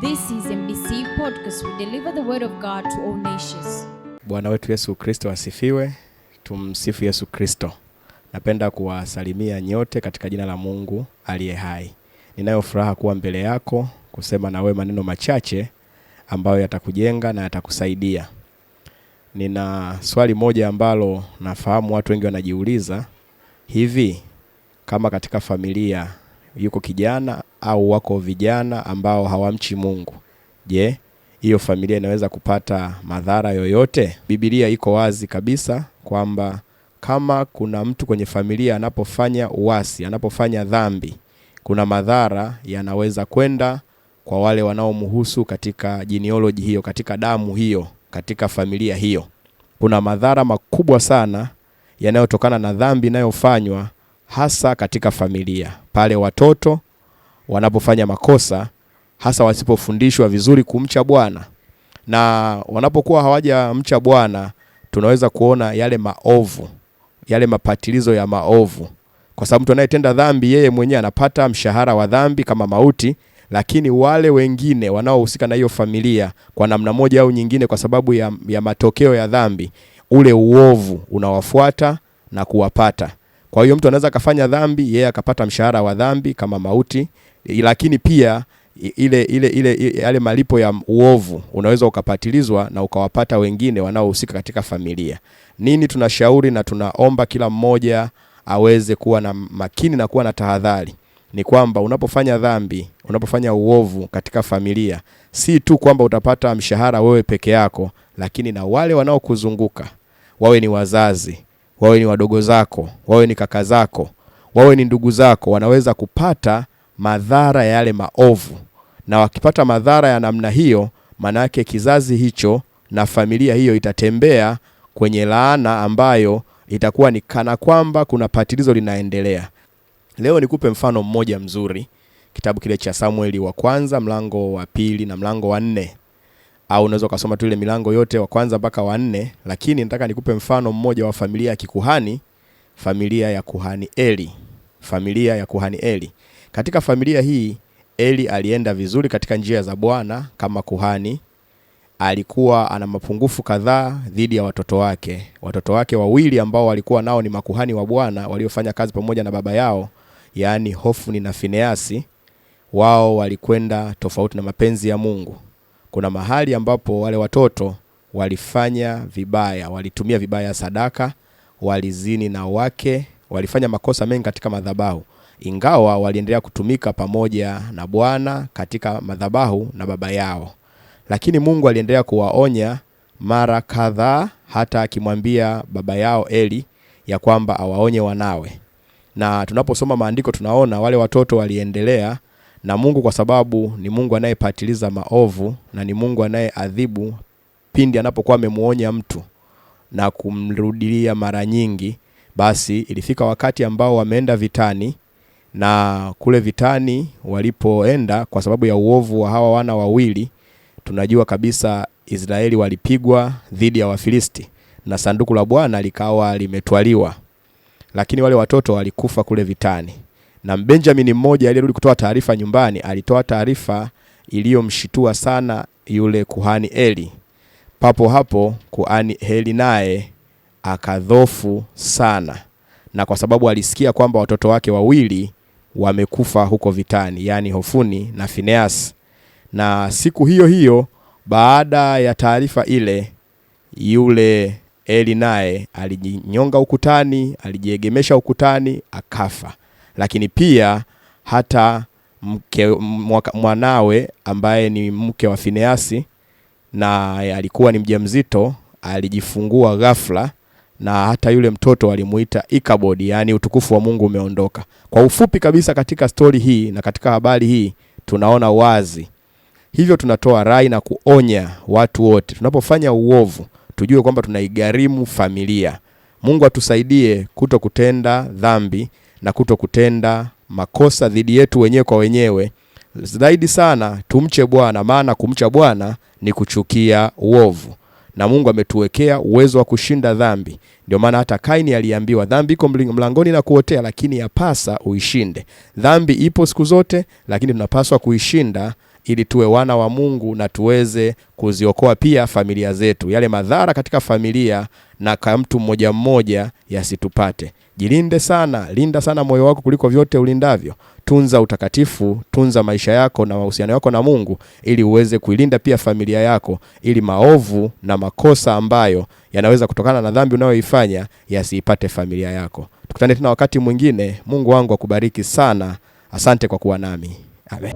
This is MBC podcast. We deliver the word of God to all nations. Bwana wetu Yesu Kristo asifiwe. Tumsifu Yesu Kristo. Napenda kuwasalimia nyote katika jina la Mungu aliye hai. Ninayo furaha kuwa mbele yako kusema nawe maneno machache ambayo yatakujenga na yatakusaidia. Nina swali moja ambalo nafahamu watu wengi wanajiuliza, hivi kama katika familia yuko kijana au wako vijana ambao hawamchi Mungu. Je, hiyo familia inaweza kupata madhara yoyote? Biblia iko wazi kabisa kwamba kama kuna mtu kwenye familia anapofanya uasi, anapofanya dhambi, kuna madhara yanaweza kwenda kwa wale wanaomhusu katika genealogy hiyo, katika damu hiyo, katika familia hiyo. Kuna madhara makubwa sana yanayotokana na dhambi inayofanywa hasa katika familia, pale watoto wanapofanya makosa, hasa wasipofundishwa vizuri kumcha Bwana na wanapokuwa hawajamcha Bwana, tunaweza kuona yale maovu, yale mapatilizo ya maovu, kwa sababu mtu anayetenda dhambi yeye mwenyewe anapata mshahara wa dhambi kama mauti, lakini wale wengine wanaohusika na hiyo familia kwa namna moja au nyingine, kwa sababu ya, ya matokeo ya dhambi, ule uovu unawafuata na kuwapata. Kwa hiyo mtu anaweza akafanya dhambi yeye, yeah, akapata mshahara wa dhambi kama mauti, e, lakini pia ile ile ile yale malipo ya uovu unaweza ukapatilizwa na ukawapata wengine wanaohusika katika familia. Nini tunashauri na tunaomba kila mmoja aweze kuwa na makini na kuwa na tahadhari ni kwamba unapofanya dhambi, unapofanya uovu katika familia, si tu kwamba utapata mshahara wewe peke yako, lakini na wale wanaokuzunguka wawe ni wazazi, wawe ni wadogo zako, wawe ni kaka zako, wawe ni ndugu zako, wanaweza kupata madhara ya yale maovu, na wakipata madhara ya namna hiyo, maana yake kizazi hicho na familia hiyo itatembea kwenye laana ambayo itakuwa ni kana kwamba kuna patilizo linaendelea. Leo nikupe mfano mmoja mzuri, kitabu kile cha Samueli wa kwanza mlango wa pili na mlango wa nne au unaweza ukasoma tu ile milango yote wa kwanza mpaka wa nne, lakini nataka nikupe mfano mmoja wa familia ya kikuhani, familia ya kuhani Eli. Familia ya kuhani Eli. Katika familia hii Eli alienda vizuri katika njia za Bwana kama kuhani. Alikuwa ana mapungufu kadhaa dhidi ya watoto wake. Watoto wake wawili ambao walikuwa nao ni makuhani wa Bwana waliofanya kazi pamoja na baba yao, yaani Hofni na Fineasi, wao walikwenda tofauti na mapenzi ya Mungu kuna mahali ambapo wale watoto walifanya vibaya, walitumia vibaya sadaka, walizini na wake, walifanya makosa mengi katika madhabahu, ingawa waliendelea kutumika pamoja na Bwana katika madhabahu na baba yao. Lakini Mungu aliendelea kuwaonya mara kadhaa, hata akimwambia baba yao Eli ya kwamba awaonye wanawe. Na tunaposoma maandiko tunaona wale watoto waliendelea na Mungu kwa sababu ni Mungu anayepatiliza maovu na ni Mungu anayeadhibu pindi anapokuwa amemuonya mtu na kumrudilia mara nyingi, basi ilifika wakati ambao wameenda vitani, na kule vitani walipoenda, kwa sababu ya uovu wa hawa wana wawili, tunajua kabisa Israeli walipigwa dhidi ya Wafilisti na sanduku la Bwana likawa limetwaliwa, lakini wale watoto walikufa kule vitani na Benjamin mmoja aliyerudi kutoa taarifa nyumbani alitoa taarifa iliyomshitua sana yule kuhani Eli. Papo hapo kuhani Eli naye akadhofu sana, na kwa sababu alisikia kwamba watoto wake wawili wamekufa huko vitani, yaani Hofuni na Fineas. Na siku hiyo hiyo baada ya taarifa ile, yule Eli naye alijinyonga ukutani, alijiegemesha ukutani, akafa lakini pia hata mke, mwaka, mwanawe ambaye ni mke wa Fineasi na alikuwa ni mjamzito alijifungua ghafla, na hata yule mtoto alimuita Ikabodi, yani utukufu wa Mungu umeondoka. Kwa ufupi kabisa, katika stori hii na katika habari hii tunaona wazi hivyo. Tunatoa rai na kuonya watu wote, tunapofanya uovu tujue kwamba tunaigharimu familia. Mungu atusaidie kuto kutenda dhambi na kuto kutenda makosa dhidi yetu wenyewe kwa wenyewe. Zaidi sana tumche Bwana, maana kumcha Bwana ni kuchukia uovu, na Mungu ametuwekea uwezo wa kushinda dhambi. Ndio maana hata Kaini aliambiwa dhambi iko mlangoni na kuotea, lakini yapasa uishinde. Dhambi ipo siku zote, lakini tunapaswa kuishinda ili tuwe wana wa Mungu na tuweze kuziokoa pia familia zetu. Yale madhara katika familia na kwa mtu mmoja mmoja yasitupate. Jilinde sana, linda sana moyo wako kuliko vyote ulindavyo. Tunza utakatifu, tunza maisha yako na mahusiano yako na Mungu, ili uweze kuilinda pia familia yako, ili maovu na makosa ambayo yanaweza kutokana na dhambi unayoifanya yasiipate familia yako. Tukutane tena wakati mwingine. Mungu wangu akubariki sana. Asante kwa kuwa nami. Amen.